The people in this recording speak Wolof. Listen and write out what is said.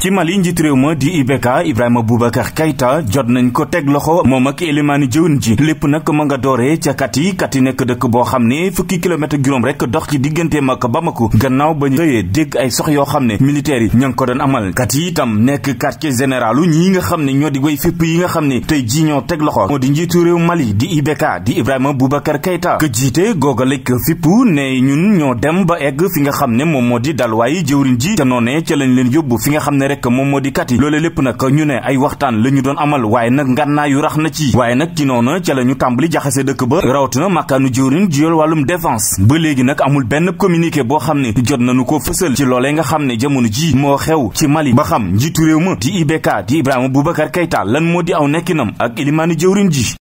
ci Mali njiitu réew ma di IBK Ibrahima Boubacar Keïta jot nañ ko teg loxo moom ak élimaani jëwin ji lépp nag ma nga dooree ca Kati Kati nekk dëkk boo xam ne fukki kilomètre juróom rek dox ci ba ma ko gannaaw ba ñu xëyee dégg ay sox yoo xam ne militaires yi ña ngi ko doon amal Kati itam nekk quartier généralu ñi nga xam ne ñoo di way fépp yi nga xam ne tey ji ñoo teg loxo moo di njiitu réew Mali di IBK di Ibrahima Boubacar Keïta ka jiite googalek fippu ne ñun ñoo dem ba egg fi nga xam ne moom moo di dalwaayi jëwrin ji noone ca lañ leen yóbbu fi nga xam ne rek moom moo di kat yi loole lépp nag ñu ne ay waxtaan la ñu doon amal waaye nag ngannaayu rax na ci waaye nag ci noonu ca la ñu tàmbali jaxasee dëkk ba rawatina màkkaanu jëwriñ ji yor wàllum défense ba léegi nag amul benn communiqué boo xam ne jot nañu ko fësal ci loolee nga xam ne jamono ji moo xew ci Mali ba xam njiitu réew ma di IBK di Ibrahima Boubacar Keïta lan moo di aw nekkinam ak ilimaani jëwriñ ji